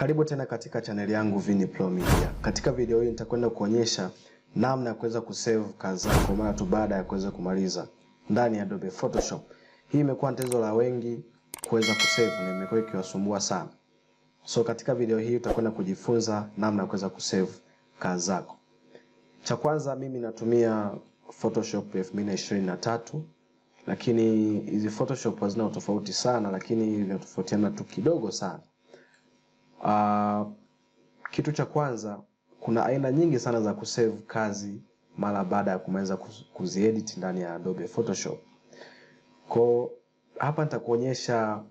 Karibu tena katika chaneli yangu Vini Pro Media. Katika video hii nitakwenda kuonyesha namna ya kuweza kusave kazi zako mara tu baada ya kuweza kumaliza ndani ya Adobe Photoshop. Hii imekuwa tatizo la wengi kuweza kusave na imekuwa ikiwasumbua sana. So katika video hii utakwenda kujifunza namna ya kuweza kusave kazi zako. Cha kwanza mimi natumia Photoshop 2023 lakini hizi Photoshop hazina utofauti sana, lakini zinatofautiana tu kidogo sana. Uh, kitu cha kwanza, kuna aina nyingi sana za kusave kazi mara baada ya kumaliza kuziedit ndani ya Adobe Photoshop. Kwa hapa nitakuonyesha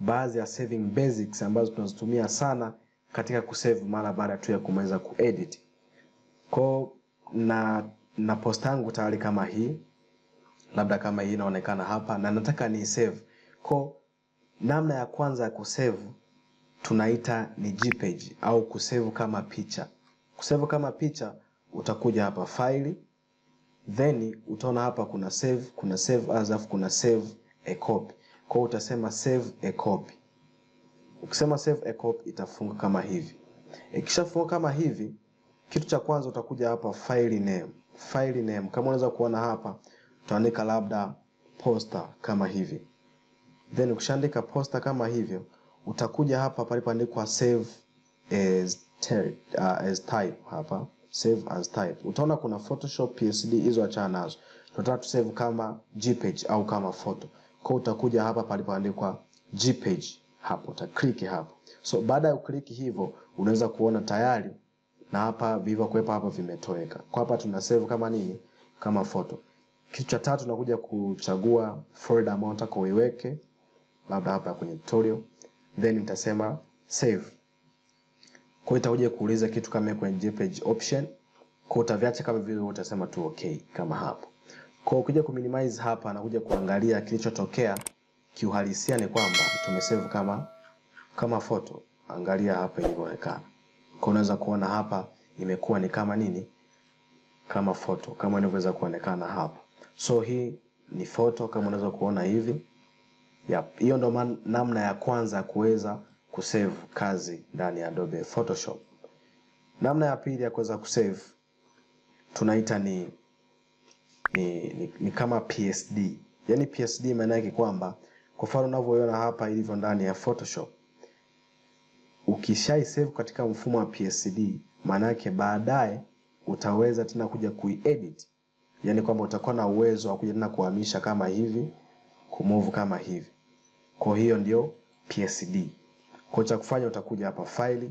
baadhi ya saving basics ambazo tunazitumia sana katika kusave mara baada tu ya kumaliza kuedit. Kwa na na post yangu tayari kama hii, labda kama hii inaonekana hapa na nataka ni save. Kwa namna ya kwanza ya kusave tunaita ni JPEG au kusevu kama picha. Kusevu kama picha utakuja hapa faili, then utaona hapa kuna save, kuna save as, afu kuna save a copy. Kwa utasema save a copy. Ukisema save a copy itafunga kama hivi. Ikishafunga kama hivi, kitu cha kwanza utakuja hapa file name. File name kama unaweza kuona hapa, utaandika labda poster kama hivi, then ukishaandika poster kama hivyo utakuja hapa palipoandikwa save as, uh, as type hapa save as type, utaona kuna Photoshop, PSD, hizo achana nazo, tunataka tu save kama JPEG au kama photo. Kwa utakuja hapa palipoandikwa JPEG hapo click hapo. So baada ya kuklik hivyo, unaweza kuona tayari na hapa vilivyokuwepo hapa vimetoweka. Kwa hapa tuna save kama nini? Kama photo. Kitu cha tatu, nakuja kuchagua folder ambayo nataka uiweke, labda hapa kwenye tutorial then nitasema save. Kwa hiyo itakuja kuuliza kitu kama kwenye JPEG option. Kwa utaviacha kama vile utasema tu okay kama hapo. Kwa ukija ku minimize hapa na kuja kuangalia kilichotokea kiuhalisia ni kwamba tumesave kama kama photo. Angalia hapa ilivyoonekana. Kwa unaweza kuona hapa imekuwa ni kama nini? Kama photo kama inavyoweza kuonekana hapa. So hii ni photo kama unaweza kuona hivi. Yep, hiyo ndo namna ya kwanza kuweza kusave kazi ndani ya Adobe Photoshop. Namna ya pili ya kuweza kusave tunaita ni ni, ni, ni kama PSD. Yaani PSD maana yake kwamba kwa mfano unavyoiona hapa ilivyo ndani ya Photoshop. Ukishai save katika mfumo wa PSD, maana yake baadaye utaweza tena kuja kuiedit. Yaani kwamba utakuwa na uwezo wa kuja tena kuhamisha kama hivi, kumove kama hivi. Kwa hiyo ndio PSD. Kwa cha kufanya utakuja hapa file,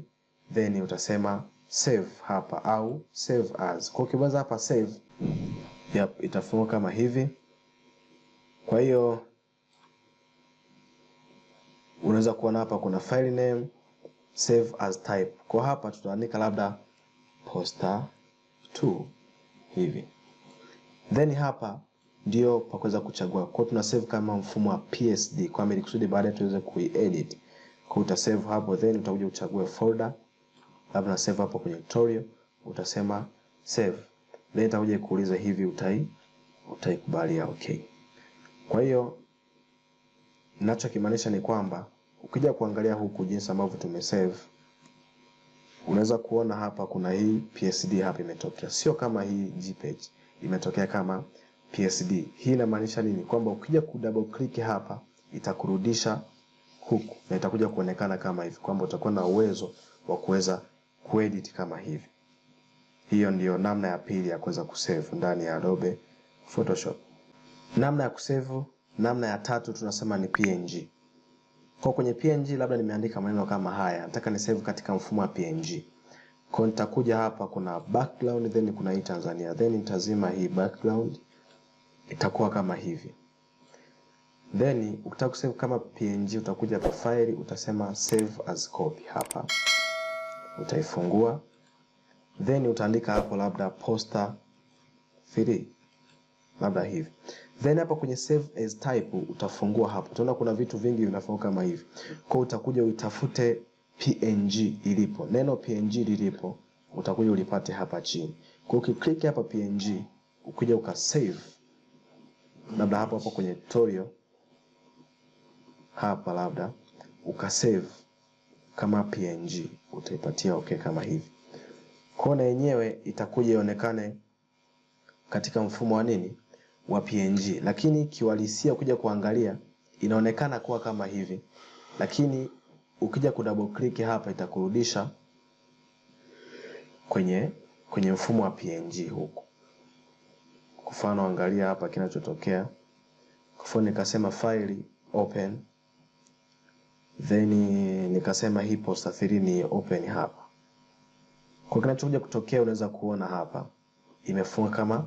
then utasema save hapa au save as. Kwa ukibonyeza hapa save, yep, itafungwa kama hivi. Kwa hiyo unaweza kuona hapa kuna file name, save as type. Kwa hapa tutaandika labda poster 2 hivi, then hapa ndio kuweza kuchagua. Kwa tuna save kama mfumo wa PSD kwa ili kusudi baadaye tuweze kuedit. Kwa uta save hapo, then utakuja uchague folder, labda na save hapo kwenye tutorial, utasema save, then itakuja kuuliza hivi utai utaikubali utaikubalia okay. Kwa hiyo ninachokimaanisha ni kwamba ukija kuangalia huku jinsi ambavyo tumesave unaweza kuona hapa kuna hii PSD hapa imetokea, sio kama hii JPEG imetokea kama PSD. Hii inamaanisha nini? Kwamba ukija ku double click hapa itakurudisha huku na itakuja kuonekana kama hivi, kwamba utakuwa na uwezo wa kuweza kuedit kama hivi. Hiyo ndiyo namna ya pili ya kuweza kusave ndani ya Adobe Photoshop. Namna ya kusave, namna ya tatu tunasema ni PNG. Kwa kwenye PNG labda nimeandika maneno kama haya, nataka ni save katika mfumo wa PNG. Kwa nitakuja hapa, kuna background then kuna hii Tanzania then nitazima hii background itakuwa kama hivi. Then ukitaka kusave kama PNG utakuja hapa file, utasema save as copy hapa, utaifungua then utaandika hapo labda poster 3 labda hivi. Then hapa kwenye save as type utafungua hapo, utaona kuna vitu vingi vinafaa kama hivi. Kwa utakuja uitafute PNG ilipo, neno PNG lilipo utakuja ulipate hapa chini. Kwa ukiklik hapa PNG, ukija ukasave labda hapo hapo kwenye tutorial hapa, labda ukasave kama png, utaipatia okay kama hivi, kwa na yenyewe itakuja ionekane katika mfumo wa nini wa png, lakini kiwalisia ukija kuangalia inaonekana kuwa kama hivi, lakini ukija ku double click hapa itakurudisha kwenye kwenye mfumo wa png huku. Kwa mfano angalia hapa kinachotokea. Kwa mfano nikasema file open then nikasema hii posta 3 ni open hapa. Kwa kinachokuja kutokea unaweza kuona hapa imefunga kama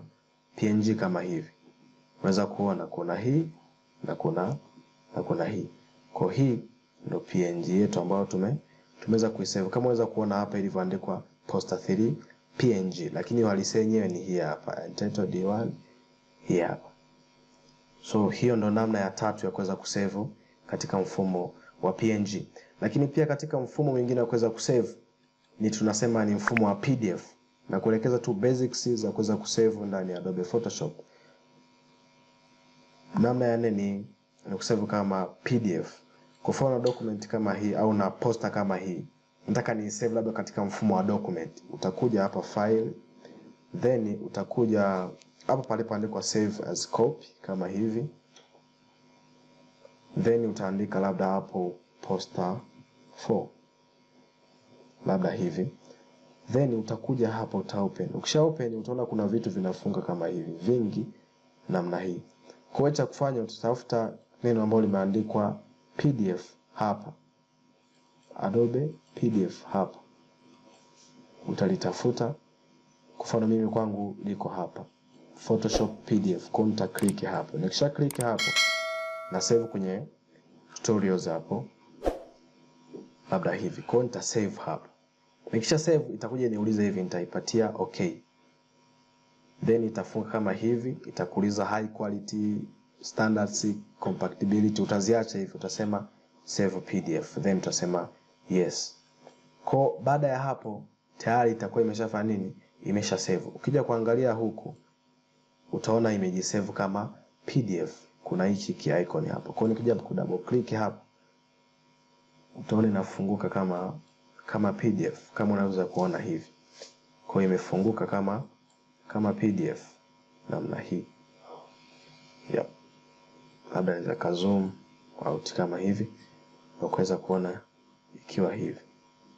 PNG kama hivi. Unaweza kuona kuna hii na kuna na kuna hii. Kwa hii ndio PNG yetu ambayo tume tumeweza kuisave. Kama unaweza kuona hapa ilivyoandikwa poster 3 PNG, lakini uhalisia yenyewe ni hii hapa entitled D1 hii hapa. So hiyo ndo namna ya tatu ya kuweza kusave katika mfumo wa PNG, lakini pia katika mfumo mwingine wa kuweza kusave ni tunasema ni mfumo wa PDF na kuelekeza tu basics za kuweza kusave ndani ya Adobe Photoshop. Namna ya nne ni, ni kusave kama PDF, kwa mfano document kama hii au na poster kama hii nataka ni save labda katika mfumo wa document, utakuja hapa file, then utakuja hapo palipoandikwa save as copy kama hivi, then utaandika labda hapo poster 4 labda hivi then utakuja hapa uta open. Ukisha open utaona kuna vitu vinafunga kama hivi vingi namna hii. Kwa hiyo cha kufanya utatafuta neno ambalo limeandikwa PDF hapa, Adobe PDF hapa, utalitafuta. Kwa mfano mimi kwangu liko hapa Photoshop PDF, kwa nita click hapo. Nikisha click hapo na save kwenye tutorials hapo, labda hivi, kwa nita save hapo. Nikisha save itakuja niulize hivi, nitaipatia okay, then itafunga kama hivi, itakuuliza high quality standards compatibility, utaziacha hivi, utasema save PDF, then utasema Yes. Kwa baada ya hapo tayari itakuwa imeshafanya nini? Imesha save. Ukija kuangalia huku utaona imejisave kama PDF. Kuna hichi ki icon hapo. Kwa hiyo nikija ku double click hapo utaona inafunguka kama kama PDF kama unaweza kuona hivi. Kwa hiyo imefunguka kama kama PDF namna hii. Yep. Labda naweza ka out kama hivi na kuweza kuona ikiwa hivi.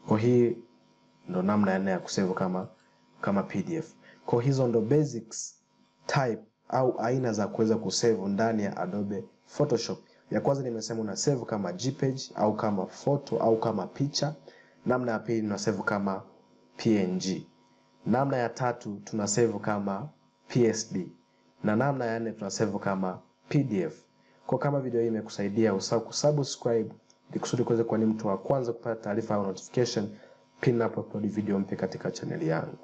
Kwa hii ndo namna ya nne ya kusave kama kama PDF. Kwa hizo ndo basics type au aina za kuweza kusave ndani ya Adobe Photoshop. Ya kwanza nimesema una save kama JPEG au kama photo au kama picha. Namna ya pili tuna save kama PNG. Namna ya tatu tuna save kama PSD na namna ya nne tuna save kama PDF. Kwa kama video hii imekusaidia, usahau kusubscribe ili kusudi kuweza kuwa ni mtu wa kwanza kupata taarifa au notification pindi video mpya katika chaneli yangu,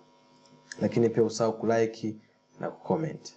lakini pia usahau kulike na kucomment.